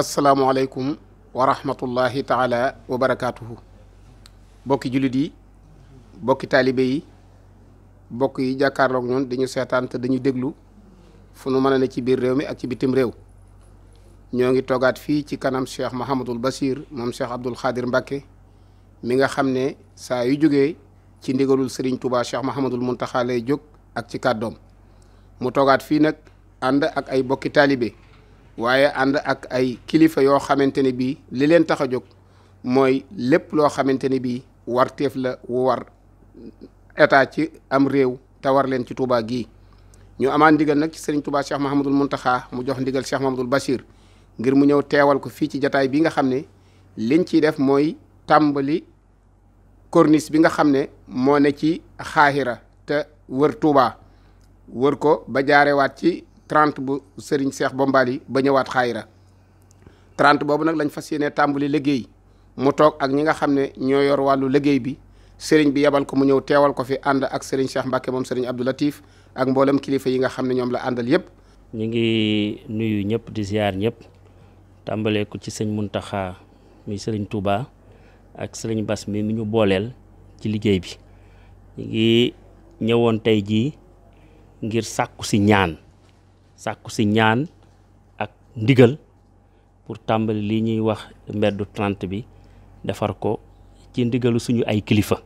asalaamualeykum wa rahmatullahi taala wa barakaatuhu bokki jullit yi bokki taalibe yi bokk yi jàkkaarloog ñun dañu seetaan te dañu déglu fu nu mën a ci biir réew mi ak ci bitim réew ñoo ngi toggaat fii ci kanam cheikh mahamadul basir moom cheikh abdul xaadir mbàkke mi nga xam ne saa yu jógee ci ndigalul sëriñ tubaa cheikh mahamadul muntaxa lay jóg ak ci kàddoom mu toggaat fii nag ànd ak ay bokki taalibe waaye ànd ak ay kilifa yoo xamante ni bii li leen tax a jóg mooy lépp loo xamante ni bii warteef la wu war état ci am réew te war leen ci Touba gii ñu amaan ndigal nag ci sëriñ Touba Cheikh Mahamadul Muntaxa mu jox ndigal Cheikh Mahamadul Bachir ngir mu ñëw teewal ko fii ci jataay bi nga xam ne liñ ciy def mooy tàmbali corniche bi nga xam ne moo ne ci xaaxira te wër Touba wër ko ba jaarewaat ci 30 bu seex Cheikh Bombali ba ñëwaat xaayira trent boobu nag lañ fas yéenee tàmbali liggéey mu toog ak ñi nga xam ne ñoo yor wàllu liggéey bi Serigne bi yebal ko mu ñëw teewal ko fi ànd ak Serigne Cheikh Mbacke moom sëriñ Abdou Latif ak mboolem kilifa yi nga xam ne ñoom la àndal yépp ñu ngi nuyu ñëpp di ziar ñëpp tàmbalee ko ci sëñ Muntaxa muy sëriñ Touba ak sëriñ bas mi mi ñu booleel ci liggéey bi ñu ngi ñëwoon tey jii ngir sàkku si ñaan. sàkku si ñaan ak ndigal pour tàmbali li ñuy wax mbeddu trent bi defar ko ci ndigalu suñu ay kilifa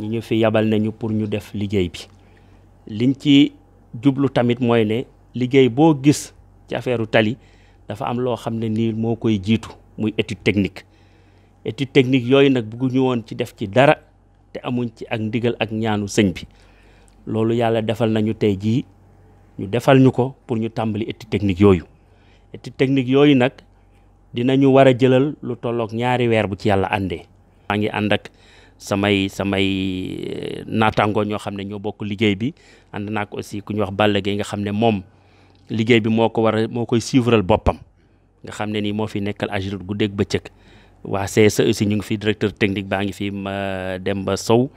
ñi ñu fi yabal nañu pour ñu def liggéey bi liñ ci jublu tamit mooy ne liggéey boo gis ci affaireu tali dafa am loo xam ne nii moo koy jiitu muy étude technique étude technique yooyu nag bëgguñu woon ci def ci dara te amuñ ci ak ndigal ak ñaanu sëñ bi loolu yàlla defal nañu tey jii ñu defal ñu ko pour ñu tàmbali étude technique yooyu étude technique yooyu nag dina ñu war a jëlal lu tolloog ñaari weer bu ci yàlla àndee. maa ngi ànd ak samay samay eh, naataangoo ñoo xam ne ñoo bokk liggéey bi ànd naa ko aussi ku ñu wax Balla Gaye nga xam ne moom liggéey bi moo ko war a moo koy suivral boppam nga xam ne nii moo fi nekkal Agilot guddeeg bëccëg waa CSE aussi ñu ngi fi directeur technique baa ngi fi ba Sow.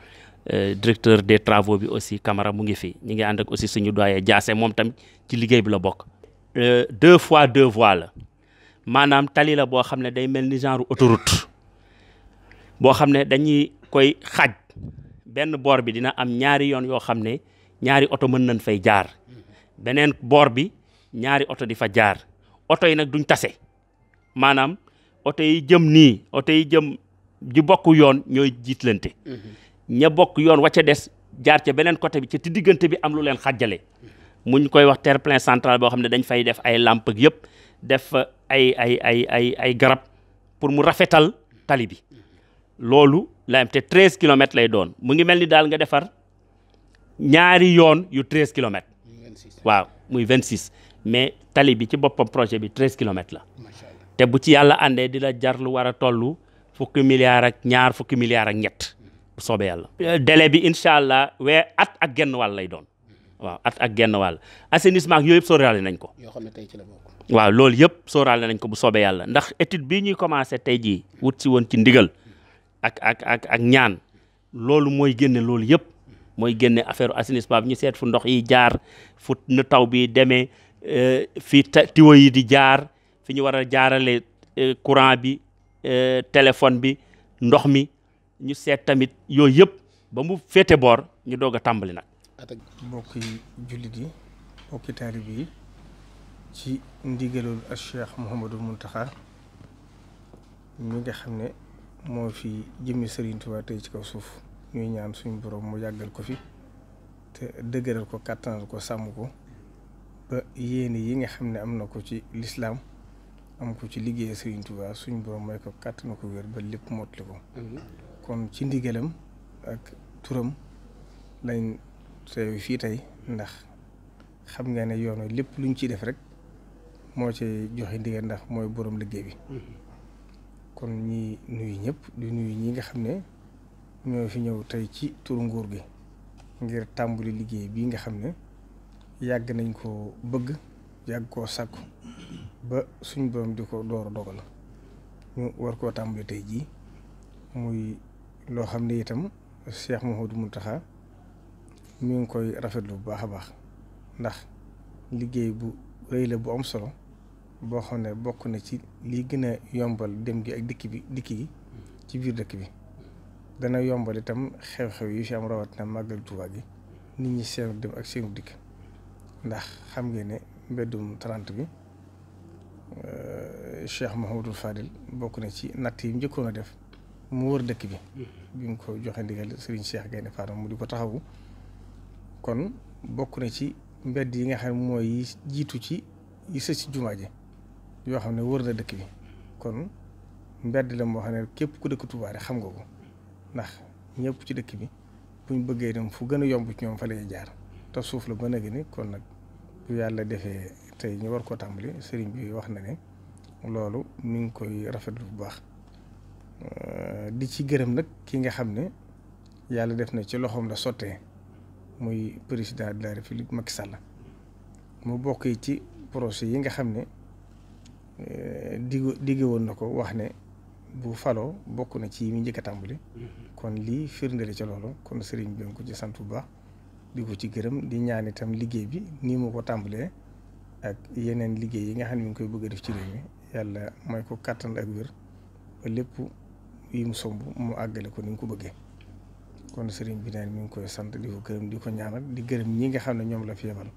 Euh, directeur des travaux bi aussi Camara mu ngi fi ñu ngi ànd ak aussi suñu doyen Diassé moom tamit ci liggéey bi la bokk. Euh, deux fois deux voies la maanaam tali la boo xam ne day mel ni genre auto autoroute boo xam ne dañuy koy xaaj benn boor bi dina am ñaari yoon yoo xam ne ñaari oto mën nañ fay jaar beneen boor bi ñaari oto di fa jaar oto yi nag duñ tase maanaam oto yi jëm nii oto yi jëm ji bokk yoon ñooy jiitlante. Mhm. ña bokk yoon wa ca des jaar ca beneen côté bi ci ti diggante bi am lu leen xàjjale mu ñu koy wax ter plein central boo xam ne dañ fay def ay làmp ak yëpp def ay ay ay ay ay garab pour mu rafetal tali bi loolu la am te treize kilomètres lay doon mu ngi mel ni daal nga defar ñaari yoon yu treize kilomètres waaw muy vingt six mais tali bi ci boppam projet bi treize kilomètres la te bu ci yàlla àndee di la jar lu war a toll fukki milliards ak ñaar fukki milliards ak ñett soobee yàlla délai bi incha allah wee at ak genn wàll lay doon waaw at ak genn wàll assainissement yooyu yëpp nañ ko. yoo xam ne ci la bokk. waaw loolu yëpp sóoraale nañ ko bu soobee yàlla ndax étude bii ñuy commencé tey jii wut si woon ci ndigal ak ak ak ak ñaan loolu mooy génne loolu yëpp mooy génne affaire assainissement bi ñu seet fu ndox yi jaar fu nu taw bi demee euh, fi tiwo yi di jaar fi ñu war a jaarale euh, courant bi euh, téléphone bi ndox mi. ñu seet tamit yooyu yëpp ba mu féete boor ñu doog a tàmbali nag. mbokki jullit yi mbokki taalib yi ci ndigalul al Cheikh Mouhamadou Mountakha mi nga xam ne moo fi jëmmi Serigne Touba tey ci kaw suuf ñuy ñaan suñu boroom mu yàggal ko fi te dëgëral ko kàttanal ko sàmm ko ba yéene yi nga xam ne am na ko ci lislaam am ko ci liggéey Serigne Touba suñu borom mooy ko kàttan ko wér ba lépp mottali ko kon ci ndigalam ak turam lañ teew fii tey ndax xam nga ne yoon lépp luñ ciy def rek moo ci joxe ndigal ndax mooy boroom liggéey bi mm-hmm. kon ñi nuyu ñëpp di nuyu ñi nga xam ne ñoo fi ñëw tey ci tur nguur gi ngir tàmbali liggéey bii nga xam ne yàgg nañ ko bëgg yàgg koo sàkku ba suñ borom di ko door a dogal ñu war koo tàmbali tey jii muy loo xam ne itam Cheikh Mouhamadou taxa mi ngi koy rafet bu baax a baax ndax liggéey bu rëy bu am solo boo xam ne bokk na ci li gën a yombal dem gi ak dikk bi dikk gi ci biir dëkk bi dana yombal itam xew-xew yi fi am rawatina màggal Tuubaa gi nit ñi seen dem ak seenu dikk ndax xam ngeen ne mbeddum talant bi euh, Cheikh Mouhamadou Fadil bokk na ci natt yi njëkkoon a def. mu wër dëkk bi bi mu ko joxe ndigal Serigne Cheikh Gaynde Fatma mu di ko taxawu kon bokk na ci mbedd yi nga xam ne mooy jiitu ci yi sës ci jumaa ji yoo xam ne wër na dëkk bi kon mbedd la moo xam ne képp ku dëkk Touba xam nga ko ndax ñëpp ci dëkk bi buñ bëggee dem fu gën a yomb ci ñoom fa lañuy jaar te suuf la ba nag ni kon nag bu yàlla defee tey ñu war koo tàmbali sëriñ bi wax na ne loolu mi ngi koy rafetlu bu baax. Euh, di ci gërëm nag ki nga xam ne yàlla def na ci loxoom la sottee muy président de la république Macky Sall mu bokk ci projet yi nga xam ne digg euh, digg woon na ko wax ne bu faloo bokk na ci yi mu njëkk a tàmbali mm-hmm. kon lii firndali ca loolu kon sëriñ bi ko ci sant bu baax di ko ci gërëm di ñaan itam liggéey bi nii mu ko tàmbalee ak yeneen liggéey yi nga xam ne mi ngi koy bëgg a def ci réew yàlla may ko kàttan ak wér ba lépp yi mu somb mu àggale ko ni mu ko bëggee kon sëriñ bi naan mi ngi koy sant di ko gërëm di ko ñaanal di gërëm ñi nga xam ne ñoom la fi yebal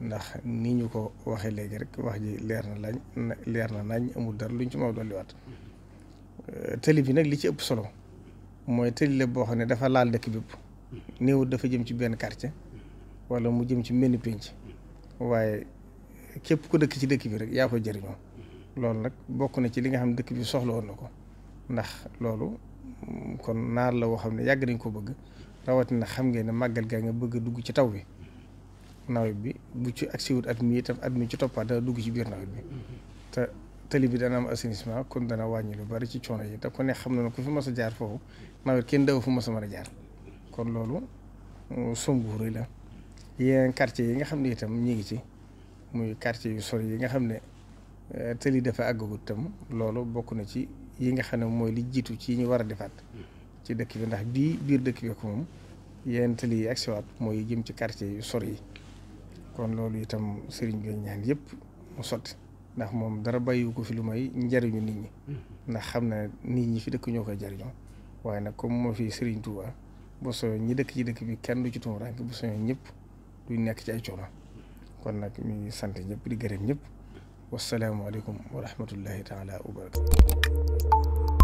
ndax ni ñu ko waxee léegi rek wax ji leer na lañ leer na nañ amul dara luñ ci mën a waat euh, tëli bi nag li ci ëpp solo mooy tëli la boo xam ne dafa laal dëkk bépp néew dafa jëm ci benn quartier wala mu jëm ci benn pénc waaye képp ku dëkk ci dëkk bi rek yaa koy jëriñoo loolu nag bokk na ci li nga xam dëkk bi soxla woon na ko ndax loolu kon naar la woo xam ne yàgg nañ ko bëgg rawatina xam ngeen ne màggal gaa nga bëgg a dugg ci taw bi nawet bi bu ci agsi wut at mi itam at mu ci toppaat dana dugg ci biir nawet bi te tëli bi dana am assainissement kon dana wàññi lu bari ci coono yi te ku ne xam na ne ku fi mas a jaar foofu nawet kenn daw fu mas a mën a jaar kon loolu mm, sombuur yi la yeneen quartier yi nga xam ne itam ñi ngi ci muy quartier yu sori yi nga xam ne eh, tëli dafa àggagut itam loolu bokk na ci yi nga xam ne mooy li jiitu ci ñu war a defaat ci dëkk bi ndax bii biir dëkk bi ko moom yenn tali yi ak siwaat mooy jëm ci quartier yu sori yi kon loolu itam sëriñ bi ñaan yëpp mu sotti ndax moom dara bàyyiwu ko fi lu may njariñu nit ñi ndax xam na nit ñi fi dëkk ñoo koy jariñoo waaye nag comme moo fi sëriñ Touba bu soño ñi dëkk ci dëkk bi kenn du ci tuum rank bu soño ñëpp duñ nekk ci ay coono kon nag ñu sant ñëpp di gërëm ñëpp wasalaamualeykum wa rahmatullahi taala wa barakatu